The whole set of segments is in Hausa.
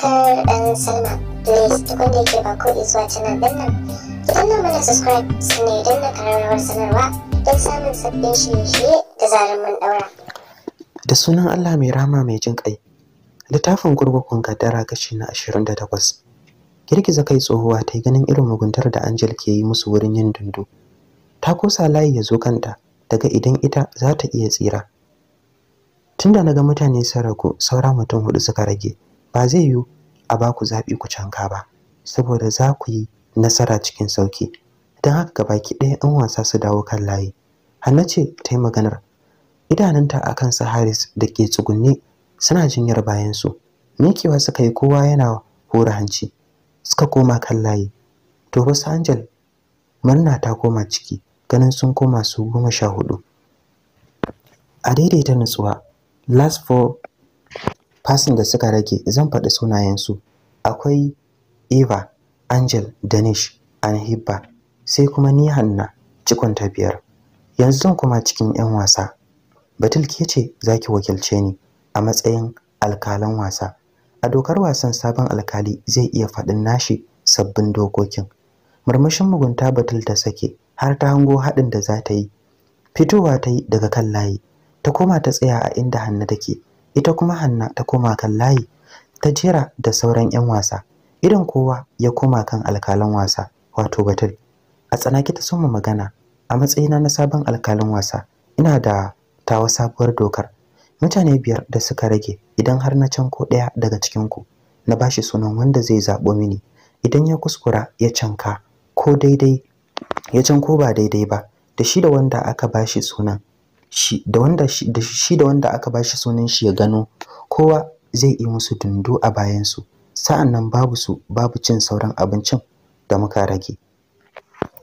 subscribe and sign up. Please tukun da yake ba ko zuwa canal din nan. Ki danna mana subscribe sannan idan na kararrawar sanarwa don samun sabbin shirye-shirye da zarar mun daura. Da sunan Allah mai rama mai jin ƙai. Littafin gurgurkun kaddara gashi na 28. Girgiza kai tsohuwa ta yi ganin irin muguntar da Angel ke yi musu wurin yin dundu. Ta kosa layi ya zo kanta daga idan ita za ta iya tsira. Tunda na ga mutane sun ragu saura mutum hudu suka rage. ba zai yiwu a ba ku zaɓi ku canka ba saboda za ku yi nasara cikin sauki don haka ki ɗaya ɗan wasa su dawo kan layi hanna ce ta yi maganar idanunta a kan su da ke tsugunne suna jinyar bayansu mikewa suka yi kowa yana hura hanci suka koma kan layi to wasu angel murna ta koma ciki ganin sun koma su goma sha hudu a daidaita nutsuwa last four fasin da suka rage zan faɗi sunayensu akwai eva angel danish anhibba sai kuma ni hanna cikon ta biyar yanzu zan kuma cikin 'yan wasa batul ke ce za ki wakilce ni a matsayin alkalan wasa a dokar wasan sabon alkali zai iya faɗin nashi sabbin dokokin murmushin mugunta batul ta sake har ta hango haɗin da za ta yi fitowa ta yi daga kan layi ta koma ta tsaya a inda hannu take ita kuma hanna ta koma kan layi ta jira da sauran 'yan wasa idan kowa ya koma kan alkalan wasa wato batul a tsanaki ta soma magana a matsayina na sabon alkalin wasa ina da tawa sabuwar dokar mutane biyar da suka rage idan har na can ko ɗaya daga cikinku na ba shi sunan wanda zai zaɓo mini idan ya kuskura ya canka ko daidai ya can ba daidai ba da shi da wanda aka bashi sunan shi da wanda shi da wanda aka bashi sunan shi ya gano kowa zai yi musu dundu a bayan su sa'an nan babu su babu cin sauran abincin da muka rage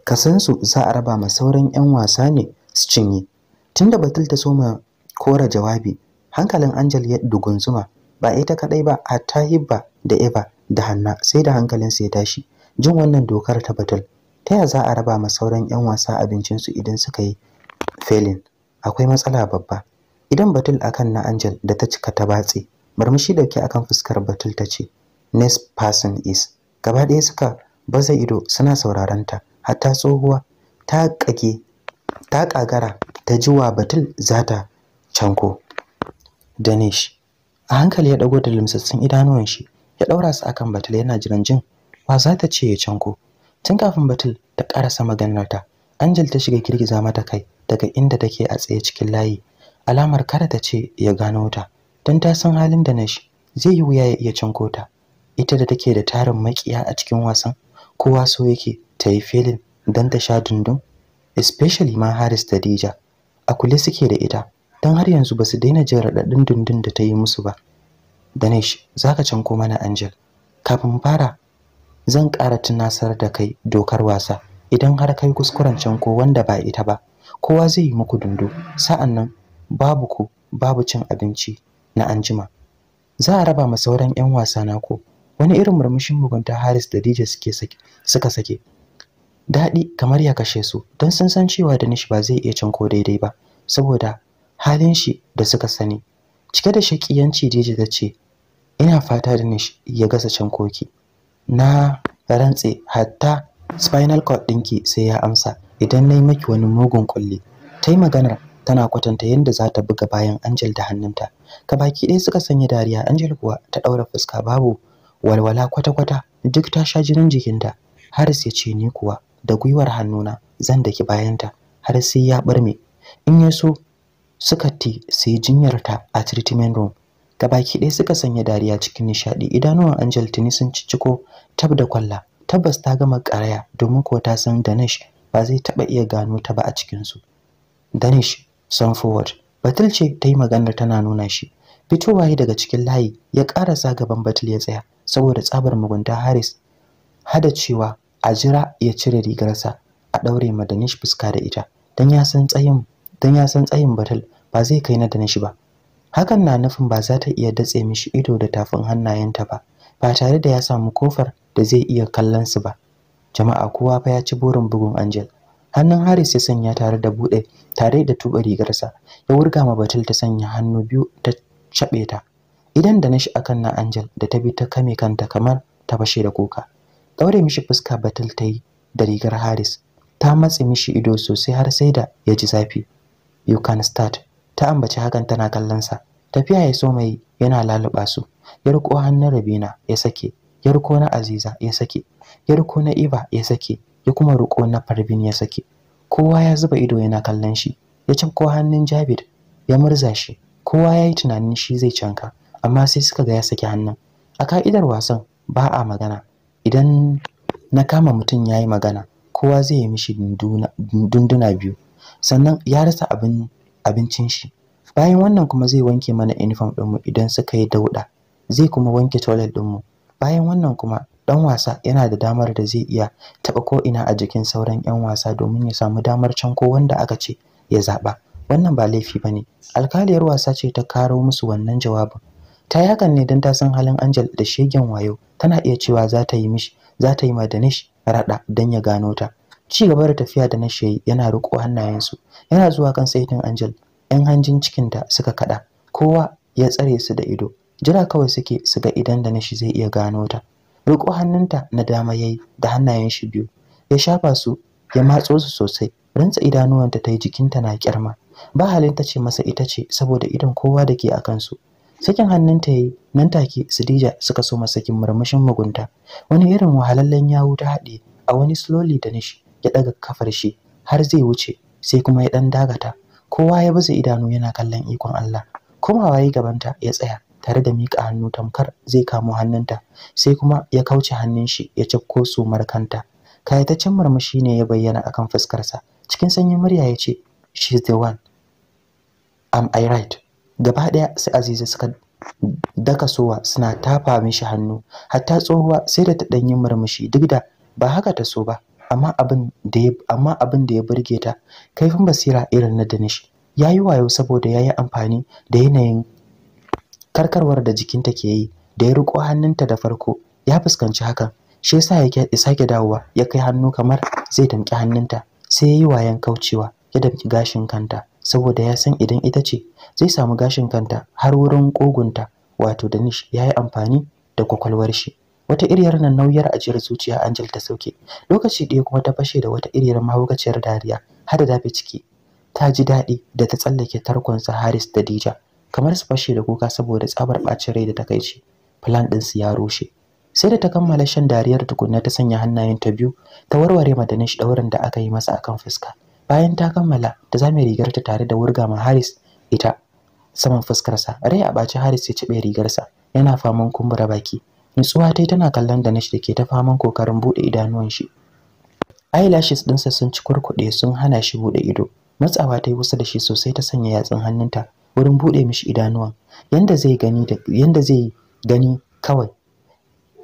kasansu za a raba ma sauran 'yan wasa ne su cinye tunda batul ta soma kora jawabi hankalin angel ya dugunzuma ba ita kadai ba hatta hibba da eva da hanna sai da hankalin su ya tashi jin wannan dokar ta batul ta ya za a raba ma sauran 'yan wasa abincin su idan suka yi felin akwai matsala babba idan batul akan na angel da ta cika ta batse murmushi dauke akan fuskar batul ta ce next person is gaba ɗaya suka baza ido suna sauraron ta hatta tsohuwa ta kage ta kagara ta jiwa batul zata canko danish a hankali ya dago da limsassun idanuwan shi ya daura su akan batul yana jiran jin wa za ta ce ya canko tun kafin batul ta karasa maganarta angel ta shiga girgiza mata kai daga inda take a tsaye cikin layi alamar kada ta ce ya gano ta don ta san halin da na zai yi wuya ya iya cinko ta ita da take da tarin makiya a cikin wasan kowa so yake ta yi filin don ta sha dundun especially ma Haris da Dija a kule suke da ita don har yanzu ba su daina jin raɗaɗin dundun da ta yi musu ba Danish za ka canko mana Angel kafin fara zan ƙara tunasar da kai dokar wasa idan har kai kuskuren canko wanda ba ita ba kowa zai yi muku dundo, sa'an nan babu ku babu cin abinci na anjima za a raba ma sauran 'yan wasa na ku wani irin murmushin mugunta Haris da DJ suka sake daɗi kamar ya kashe su don sun san cewa Danish ba zai iya cin ko daidai ba saboda halin shi da suka sani cike da shakiyanci DJ ta ce ina fata da nishi ya gasa cin koki na rantse hatta spinal cord ɗinki sai ya amsa idan na yi maki wani mugun kulli ta yi maganar tana kwatanta yadda za ta buga bayan Angel da hannunta ka baki ɗaya suka sanya dariya Angel kuwa ta ɗaura fuska babu walwala kwata-kwata duk ta sha jinin jikinta har ya ce ni kuwa da gwiwar hannuna zan daki bayanta har sai ya barme in ya so suka ti su yi jinyarta a treatment room ka baki ɗaya suka sanya dariya cikin nishaɗi idanuwan Angel tuni sun cicciko tab da kwalla tabbas ta gama karaya domin ko ta san Danish ba zai taɓa iya gano ta ba a cikinsu danish son forward batul ce ta yi maganar tana nuna shi Fito waye daga cikin layi ya ƙarasa gaban batul ya tsaya saboda tsabar mugunta haris hada cewa a jira ya cire rigarsa a ɗaure ma danish fuska da ita don ya san tsayin dan ya san tsayin Batil ba zai kai na danish ba hakan na nufin ba za ta iya datse mishi ido da tafin hannayenta ba ba tare da ya samu kofar da zai iya kallon su ba jama'a kowa fa ya ci burin bugun angel hannun haris ya sanya tare da buɗe tare da tuba rigarsa ya wurga ma batul ta sanya hannu biyu ta chabe ta idan da nashi akan na angel da ta bi ta kame kanta kamar ta bashe da kuka daure mishi fuska batul ta yi da rigar haris ta matsi mishi ido sosai har sai da ya ji zafi you can start ta ambaci hakan tana kallon sa. tafiya ya so mai yana laluba su ya riko hannun rabina ya sake yarko na aziza ya sake yarko na iba ya sake ya kuma riko na farbin ya sake kowa ya zuba ido yana kallon shi ya ko hannun jabir ya murza shi kowa ya yi tunanin shi zai canka amma sai suka ga ya sake hannun a ka'idar wasan ba a magana idan na kama mutum ya yi magana kowa zai yi mishi dunduna biyu sannan ya rasa abincin shi bayan wannan kuma zai wanke mana uniform ɗinmu idan suka yi dauɗa zai kuma wanke toilet ɗinmu bayan wannan kuma dan wasa yana da damar da zai iya taba ko ina a jikin sauran yan wasa domin ya samu damar can ko wanda aka ce ya zaba wannan ba laifi bane alkaliyar wasa ce ta karo musu wannan jawabin ta yi hakan ne don ta san halin Angel da shegen wayo tana iya cewa za ta yi mishi za ta yi ma Danish rada don ya gano ta ci gaba da tafiya da na shayi yana riko hannayensu yana zuwa kan saitin Angel yan hanjin cikinta suka kada kowa ya tsare su da ido jira kawai suke su ga idan da nashi zai iya gano ta riko hannunta na dama yayi da hannayen shi biyu ya shafa su ya matso su sosai rantsa idanuwanta ta yi jikinta na kyarma ba halin ta ce masa ita ce saboda idan kowa da ke a kansu sakin hannunta yayi nan take Sidija suka so masa kin murmushin mugunta wani irin wahalallen yawo ta haɗe a wani slowly da nishi ya daga kafar shi har zai wuce sai kuma ya ɗan dagata kowa ya baza idanu yana kallon ikon Allah komawa yayi gabanta ya tsaya tare da miƙa hannu tamkar zai kamo hannunta sai kuma ya kauce hannun shi ya cafko su markanta. kayataccen murmushi ne ya bayyana akan fuskarsa cikin sanyin murya ya ce she's the one am i right gaba ɗaya sai aziza suka daka sowa suna tafa mishi hannu hatta tsohuwa sai da ta ɗanyi murmushi duk da ba haka ta so ba amma abin da ya amma abin da ya burge ta kaifin basira irin na Danish yayi wayo saboda yayi amfani da yanayin karkarwar da jikinta ke yi da ya riko hannunta da farko ya fuskanci hakan shi yasa ya sake dawowa ya kai hannu kamar zai damƙi hannunta sai ya yi wayan kaucewa ya damƙi gashin kanta saboda ya san idan ita ce zai samu gashin kanta har wurin kogunta wato danish ya yi amfani da kwakwalwar shi wata iriyar nan nauyar ajiyar zuciya Angel ta sauke lokaci ɗaya kuma ta fashe da wata iriyar mahaukaciyar dariya har da dafe ciki ta ji daɗi da ta tsallake tarkonsa Haris da Dija kamar su fashe da kuka saboda tsabar ɓacin rai da takaici plan su ya rushe sai da ta kammala shan dariyar tukunna ta sanya hannayen ta biyu ta warware ma Danish daurin da aka yi masa akan fuska bayan ta kammala ta zame rigar ta tare da wurga ma Haris ita saman fuskarsa rai a baci Haris ya cibe rigarsa yana faman kumbura baki nutsuwa tai tana kallon Danish da ke ta faman kokarin bude idanuwan shi eyelashes dinsa sun ci kurkude sun hana shi bude ido matsawa tai kusa da shi sosai ta sanya yatsun hannunta wurin buɗe mishi idanuwan yanda zai gani da yanda zai gani kawai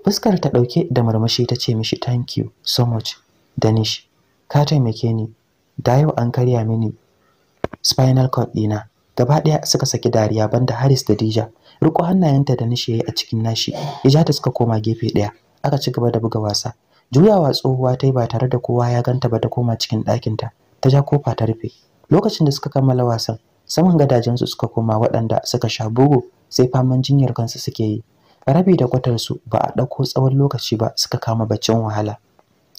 fuskar ta ɗauke da murmushi ta ce mishi thank you so much danish ka taimake ni da yau an karya mini spinal cord dina. gaba ɗaya suka saki dariya banda haris da dija riko hannayenta da nishi a cikin nashi ta suka koma gefe ɗaya aka ci gaba da buga wasa juyawa tsohuwa ta yi ba tare da kowa ya ganta ba ta koma cikin ɗakinta ta ja kofa ta rufe lokacin da suka kammala wasan saman gadajensu suka koma waɗanda suka sha bugu sai faman jinyar kansu suke yi rabi da kwatarsu ba a ɗauko tsawon lokaci ba suka kama baccin wahala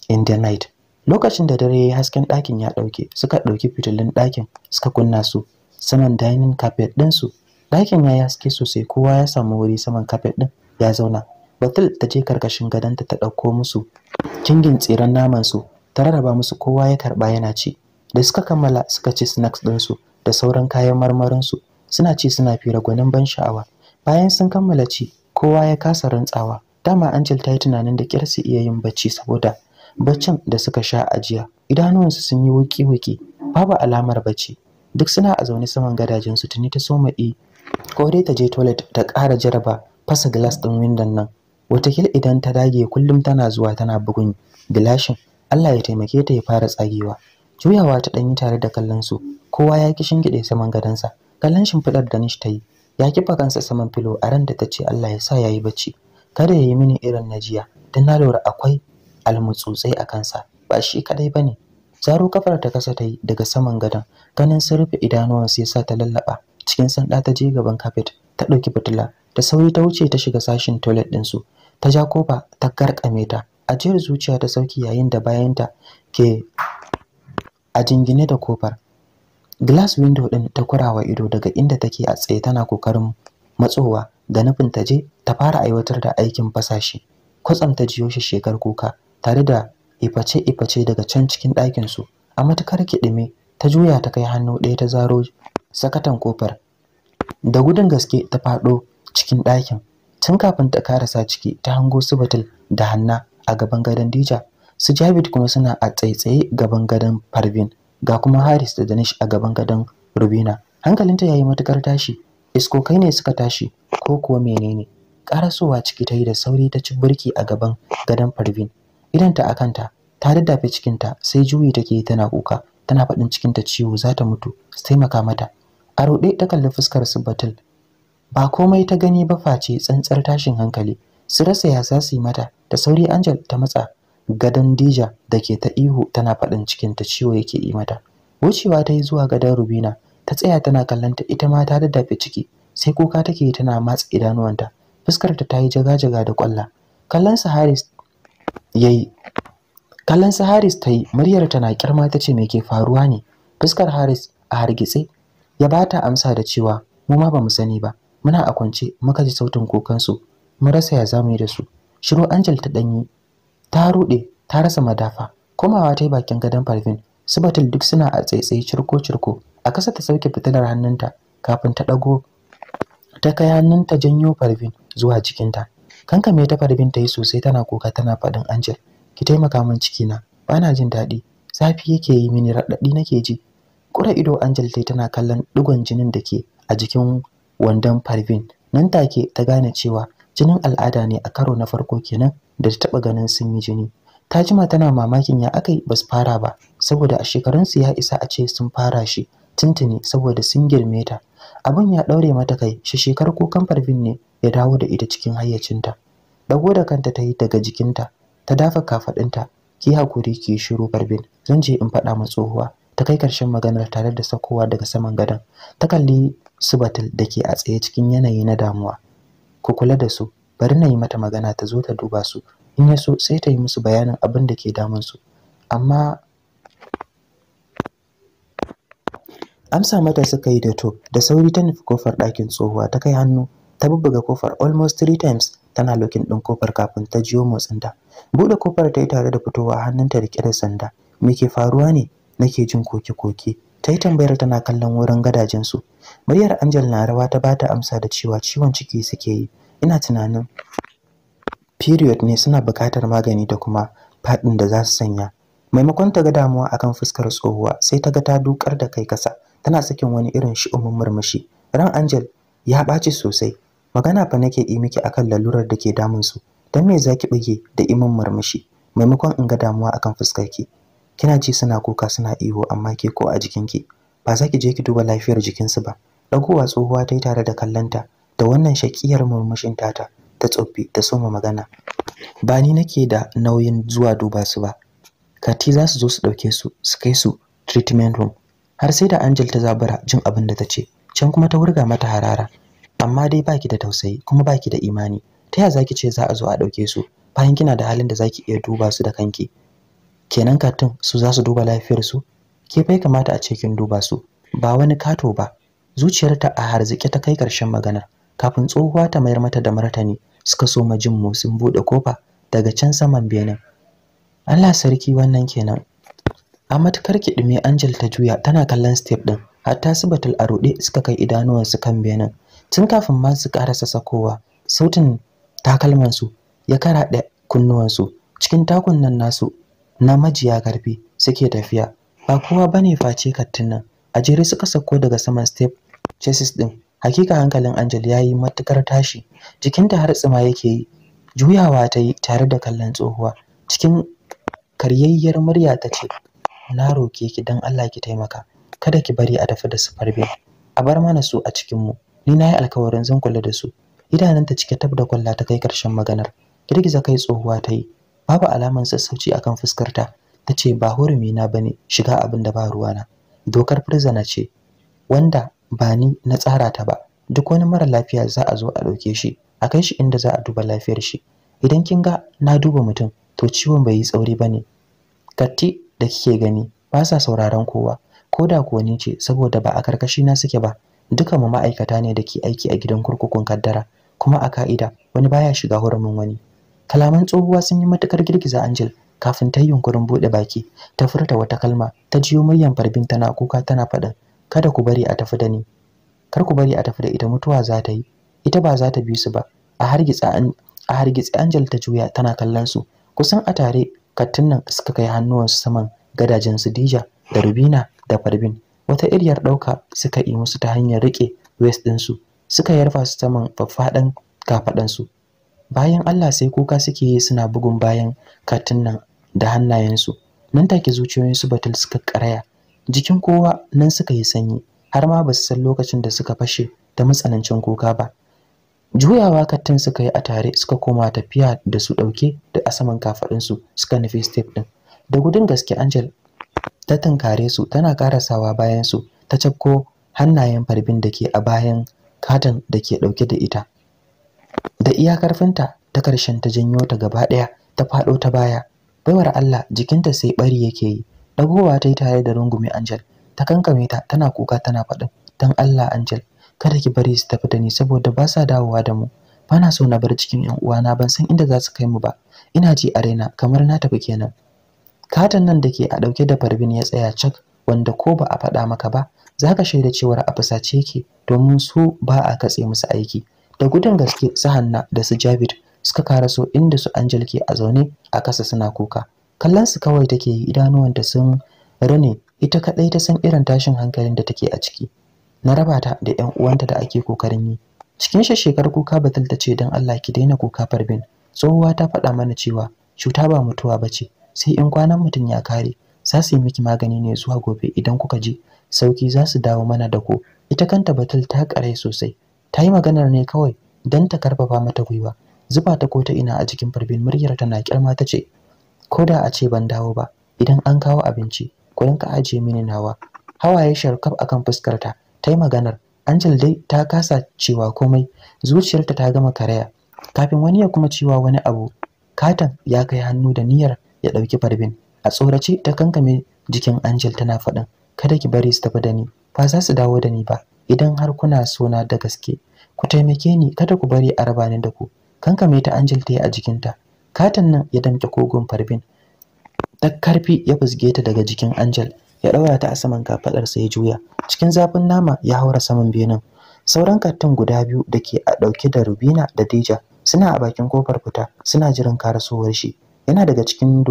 in the night lokacin da dare ya hasken ɗakin ya ɗauke suka ɗauki fitilun ɗakin suka kunna su saman dining carpet ɗinsu ɗakin ya yi haske sosai kowa ya samu wuri saman carpet ɗin ya zauna batul ta je karkashin gadonta ta ɗauko musu kingin tseren naman su ta rarraba musu kowa ya karɓa yana ci da suka kammala suka ci snacks ɗinsu da sauran kayan marmarinsu suna ci suna fira gwanin ban sha'awa bayan sun kammala ci kowa ya kasa rantsawa dama Angel ta yi tunanin da kyar iya yin bacci saboda baccin da suka sha a jiya idanuwansu sun yi wuki-wuki babu alamar bacci duk suna a zaune saman gadajen su tuni ta soma i ko dai ta je toilet ta ƙara jaraba fasa glass ɗin windon nan watakil idan ta dage kullum tana zuwa tana bugun gilashin Allah ya taimake ta ya fara tsagewa juyawa ta ɗanyi tare da kallon su kowa ya ki shingide saman gadonsa kallon shimfiɗar da nish ta yi ya kifa kansa saman filo a ran da ta ce Allah ya sa ya yi bacci kada ya yi mini irin najiya jiya don na lura akwai almutsutsai a kansa ba shi kadai ba ne zaro kafar ta kasa ta yi daga saman gadon ganin sun rufe idanuwan sai sa ta lallaba cikin sanda ta je gaban kafet ta ɗauki fitila da sauri ta wuce ta shiga sashin toilet ɗinsu ta ja kofa ta garkame ta ajiyar zuciya ta sauki yayin da bayanta ke a jingine da kofar glass window din ta kurawa ido daga inda take a tsaye tana kokarin matsowa da nufin ta je ta fara aiwatar da aikin fasashi kwatsam ta jiyo shi shekar kuka tare da iface iface daga can cikin ɗakin su a matukar kidime ta juya ta kai hannu ɗaya ta zaro sakatan kofar da gudun gaske ta faɗo cikin ɗakin tun kafin ta karasa ciki ta hango su da hanna a gaban gadon dija su javid kuma suna a tsaitsaye gaban gadon Parvin ga kuma Haris da Danish a gaban gadon Rubina hankalinta yayi matukar tashi isko kai ne suka tashi ko kuwa menene karasowa ciki ta yi da sauri ta ci burki a gaban gadon Parvin idanta a kanta ta daddafe cikinta sai juyi take tana kuka tana faɗin cikinta ciwo za ta mutu su taimaka mata a ruɗe ta kalli fuskar su batul ba komai ta gani ba face tsantsar tashin hankali su rasa ya za su yi mata da sauri Angel ta matsa gadon Dija da ke ta ihu tana faɗin cikin ta ciwo yake yi mata. Wucewa ta yi zuwa gadon Rubina, ta tsaya tana kallon ta ita ma ta daddafe ciki, sai kuka take tana matsa idanuwanta. Fuskarta ta yi jaga-jaga da kwalla. Kallon su Haris yayi. Kallon sa Haris ta yi, muryar na kirma ta ce me ke faruwa ne? Fuskar Haris a hargitse ya bata amsa da cewa mu ma bamu sani ba. Muna a kwance muka ji sautin kukansu. Mun rasa ya zamu yi da su. Shiru Angel ta danyi ta rude, ta rasa madafa komawa ta yi bakin gadon farfin su batul duk suna a tsaitsaye cirko-cirko a kasa ta sauke fitilar hannunta kafin ta ɗago ta kai hannunta janyo farfin zuwa jikinta me ta parvin ta yi sosai tana kuka tana faɗin angel ki taimaka min cikina ba na jin daɗi zafi yake yi mini raɗaɗi nake ji kura ido angel ta tana kallon ɗigon jinin da ke a jikin wandon farvin nan take ta gane cewa jinin al'ada ne a karo na farko kenan da ta taba ganin sun yi jini ta jima tana mamakin ya aka yi ba fara ba saboda a shekarunsu ya isa a ce sun fara shi tuntuni saboda sun girme ta abin ya ɗaure mata kai shi shekar kukan farfin ne ya dawo da ita cikin hayyacinta dago da kanta ta yi daga jikinta ta dafa kafaɗinta ki hakuri ki shiru barbin zan je in faɗa mu tsohuwa ta kai karshen maganar tare da sakowa daga saman gadon ta kalli subatil da ke a tsaye cikin yanayi na damuwa ku kula da su bari na yi mata magana ta zo ta duba su in ya so sai ta yi musu bayanin abin da ke damun su amma amsa mata suka yi da to da sauri ta nufi kofar ɗakin tsohuwa ta kai hannu ta bubbuga kofar almost three times tana lokin ɗin kofar kafin ta jiyo motsin ta buɗe kofar ta yi tare da fitowa hannunta riƙe da sanda me ke faruwa ne nake jin koke-koke ta yi tambayar tana kallon wurin gadajensu muryar angel na rawa ta bata amsa da cewa ciwon ciki suke yi ina tunanin period ne suna buƙatar magani da kuma faɗin da za su sanya maimakon ta ga damuwa akan fuskar tsohuwa sai ta ga ta dukar da kai kasa tana sakin wani irin shi'umin murmushi ran angel ya ɓaci sosai magana fa nake yi miki akan lalurar da ke damun su dan me zaki bige da imin murmushi maimakon in ga damuwa akan fuskar ki kina ji suna kuka suna ihu amma ke ko a jikinki ba za ki je ki duba lafiyar jikinsu ba dagowa tsohuwa ta yi tare da kallanta da wannan shakiyar murmushin tata ta tsoffi ta soma magana ba ni nake da nauyin zuwa duba su ba kati za su zo su ɗauke su su kai su treatment room har sai da angel ta zabara jin abin da ta ce can kuma ta wurga mata harara amma dai baki da tausayi kuma baki da imani ta ya zaki ce za a zo a ɗauke su bayan kina da halin da za ki iya duba su da kanki kenan katin su za su duba lafiyar su ke bai kamata a ce kin duba su ba wani kato ba zuciyarta a harzike ta kai ƙarshen maganar kafin tsohuwa ta mayar mata da martani suka so ma jin motsin bude kofa daga can saman benin Allah sarki wannan kenan a matukar kidime, Angel ta juya tana kallon step din hatta su batul a ruɗe suka kai idanuwansu kan benin tun kafin ma su karasa sakowa sautin su ya karaɗe kunnuwansu cikin takun nasu na majiya karfi suke tafiya ba kowa bane face kattin nan a jere suka sako daga saman step chassis din hakika hankalin Angel ya yi matukar tashi jikinta har tsima yake yi juyawa ta yi tare da kallon tsohuwa cikin karyayyar murya ta ce na roke ki dan Allah ki taimaka kada ki bari a tafi da su farbe a bar mana su a cikin mu ni na yi alkawarin zan kula da su idananta cike tab da kwalla ta kai karshen maganar girgiza kai tsohuwa ta yi babu alaman sassauci akan fuskarta ta ce ba hurumi na bane shiga abin da ba ruwana dokar firzana ce wanda ba ni na tsara ta ba duk wani mara lafiya za a zo a ɗauke shi a kai shi inda za a duba lafiyar shi idan kin ga na duba mutum to ciwon bai yi tsauri ba ne katti da kike gani ba sa sauraron kowa ko da kuwa ni ce saboda ba a karkashi na suke ba duka mu ma'aikata ne da ke aiki a gidan kurkukun kaddara kuma a ka'ida wani baya shiga hurumin wani kalaman tsohuwa sun yi matukar girgiza angel kafin ta yi yunkurin buɗe baki ta furta wata kalma ta jiyo muryan farbin tana kuka tana faɗin kada ku bari a tafi da ni kar ku bari a tafi da ita mutuwa za ta yi ita ba za ta bi su ba a hargitsa an a Angel ta juya tana kallon su kusan a tare kattun nan suka kai hannuwansu saman gadajen su Dija da Rubina da Farbin wata iriyar ɗauka suka yi musu ta hanyar riƙe waist din su suka yarfa su saman faffadan kafadan su bayan Allah sai kuka suke yi suna bugun bayan kattun nan da hannayensu nan take su batul suka karaya jikin kowa nan suka yi sanyi har ma ba su san lokacin da suka fashe da matsanancin kuka ba juyawa kattin suka yi a tare suka koma tafiya da su ɗauke da a saman kafaɗinsu suka nufi step ɗin da gudun gaske angel ta tunkare su tana karasawa bayan su ta cafko hannayen farbin da ke a bayan katon da ke ɗauke da ita da iya karfinta ta karshen ta janyo ta gaba ɗaya ta faɗo ta baya baiwar Allah jikinta sai bari yake yi Dagowa ta yi tare da rungumi Angel, ta kankame ta tana kuka tana faɗin, "Don Allah Angel, kada ki bari su tafi da ni saboda ba sa dawowa da mu. Ba na so na bar cikin 'yan uwana ban san inda za su kai mu ba. Ina ji a raina kamar na tafi kenan." Katon nan da ke a ɗauke da farbin ya tsaya cak wanda ko ba a faɗa maka ba za ka shaida cewar a fusace ke domin su ba a katse musu aiki. Da gudun gaske su Hanna da su Jabir suka karaso inda su Angel ke a zaune a kasa suna kuka. kallon su kawai take yi idanuwanta sun rane ita kadai ta san irin tashin hankalin da take a ciki na raba ta da ƴan uwanta da ake kokarin yi cikin shi shekar kuka batul ta ce don Allah ki daina kuka farbin tsohuwa ta faɗa mana cewa cuta ba mutuwa ba ce sai in kwanan mutum ya kare za su yi miki magani ne zuwa gobe idan kuka je sauki za su dawo mana da ku ita kanta batul ta kare sosai ta yi maganar ne kawai dan ta karfafa mata gwiwa zuba ta ko ta ina a cikin farbin muryar na kirma ta ce ko da a ce ban dawo ba idan an kawo abinci ku rinka ajiye mini nawa hawaye sharkaf akan fuskarta ta yi maganar angel dai ta kasa cewa komai zuciyarta ta gama karaya kafin wani ya kuma cewa wani abu katon ya kai hannu da niyyar ya ɗauki farbin a tsorace ta kankame jikin angel tana faɗin kada ki bari su tafi da ni ba za su dawo da ni ba idan har kuna sona da gaske ku taimake ni kada ku bari a raba da ku kankame ta angel ta yi a jikinta katin nan ya damƙe kogon farbin da karfi ya fusge ta daga jikin angel ya ɗaura ta a saman kafaɗarsa ya juya cikin zafin nama ya haura saman benin sauran katin guda biyu da ke a ɗauke da rubina da deja suna a bakin kofar fita suna jiran karasowar shi yana daga cikin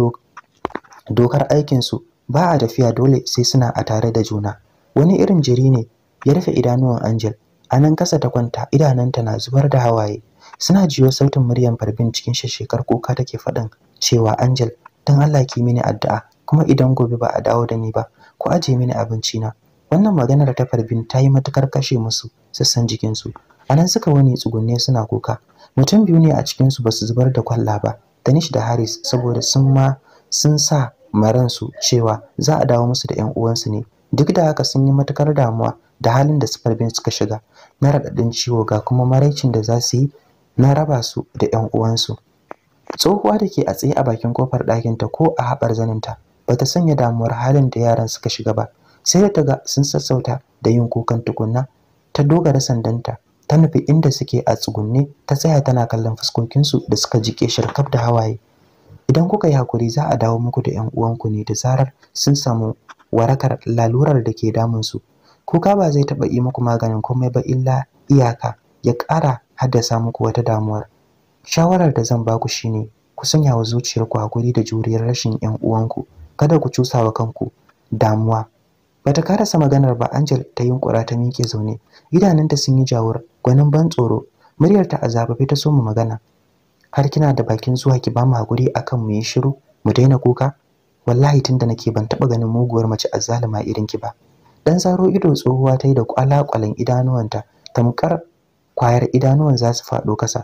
dokar aikinsu ba a tafiya dole sai suna a tare da juna wani irin jiri ne ya rufe idanuwan angel a nan kasa ta kwanta idananta na zubar da hawaye suna jiyo sautin muryar farbin cikin shashekar kuka take faɗin cewa angel don allah ki mini addu'a kuma idan gobe ba a dawo da ni ba ku aje mini abinci na wannan maganar ta farbin ta yi matukar kashe musu sassan jikinsu a nan suka wani tsugunne suna kuka mutum biyu ne a cikinsu ba su zubar da kwalla ba danish da haris saboda sun ma sun sa maransu cewa za a dawo musu da 'yan uwansu ne duk da haka sun yi matukar damuwa da halin da sufarbin suka shiga na raɗaɗin ciwo ga kuma maraicin da za su yi na raba su da ƴan uwansu tsohuwa da ke a tsaye a bakin kofar ɗakinta ko a haɓar zaninta ta sanya damuwar halin da yaran suka shiga ba sai da ta ga sun sassauta da yin kukan tukunna ta dogara sandanta ta nufi inda suke a tsugunne ta tsaya tana kallon fuskokinsu da suka jike shirkaf da hawaye idan kuka yi hakuri za a dawo muku da ƴan uwanku ne da zarar sun samu warakar lalurar da ke damunsu kuka ba zai taɓa yi muku maganin komai ba illa iyaka ya ƙara haddasa muku wata damuwar shawarar da zan baku shine ku sanya wa zuciyarku hakuri da juriyar rashin yan uwanku kada ku cusa wa kanku damuwa bata karasa maganar ba Angel ta yunkura ta miƙe zaune idanunta sun yi jawur gwanin ban tsoro muryar ta fi ta so mu magana har kina da bakin zuwa ki bamu hakuri akan mu yi shiru mu daina kuka wallahi tunda nake ban taɓa ganin muguwar mace azzalima irin ki ba dan zaro ido tsohuwa ta yi da kwalakwalan idanuwanta tamkar kwayar idanuwan za su faɗo kasa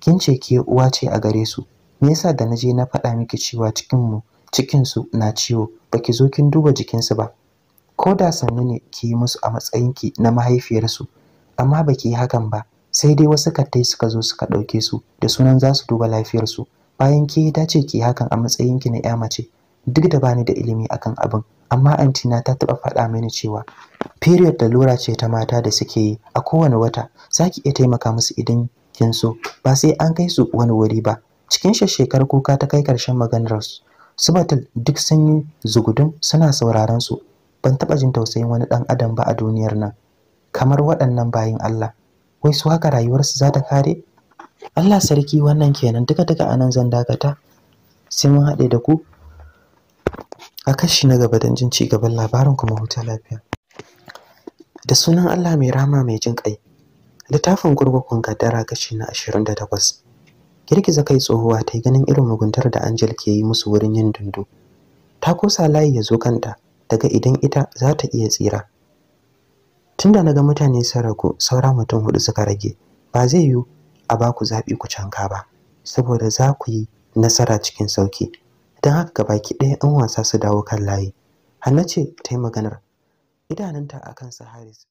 kin ce ke uwa ce a gare su me yasa da na je na faɗa miki cewa cikin mu cikin su na ciwo baki zo kin duba jikinsu ba ko da sannu ne ki yi musu a matsayinki na mahaifiyarsu, su amma baki yi hakan ba sai dai wasu kattai suka zo suka ɗauke su da sunan za su duba lafiyarsu. su bayan ki dace ki hakan a matsayin ki na ya mace duk da bani da ilimi akan abin amma anti na ta taɓa faɗa mini cewa period da lura ce ta mata da suke yi a kowane wata za iya taimaka musu idan kin so ba sai an kai su wani wuri ba cikin shekar kuka ta kai karshen maganar su subatul duk sun yi zugudun suna sauraron su ban taɓa jin tausayin wani ɗan adam ba a duniyar nan kamar waɗannan bayin Allah wai su haka rayuwarsu za ta kare Allah sarki wannan kenan duka duka anan zan dakata sai mun haɗe da ku a kashi na gaba don jin ci gaban labarin kuma huta lafiya da sunan Allah mai rama mai jin kai littafin gurgurkun gaddara kashi na 28 girgiza kai tsohuwa ta yi ganin irin muguntar da Angel ke yi musu wurin yin dundu ta kosa layi ya zo kanta daga idan ita za ta iya tsira tunda ga mutane sun ragu saura mutum hudu suka rage ba zai yiwu a ba ku zaɓi ku canka ba saboda za ku yi nasara cikin sauki don haka gabaki ɗaya ɗan wasa su dawo kan layi hanna ce ta yi maganar idanunta a kansa su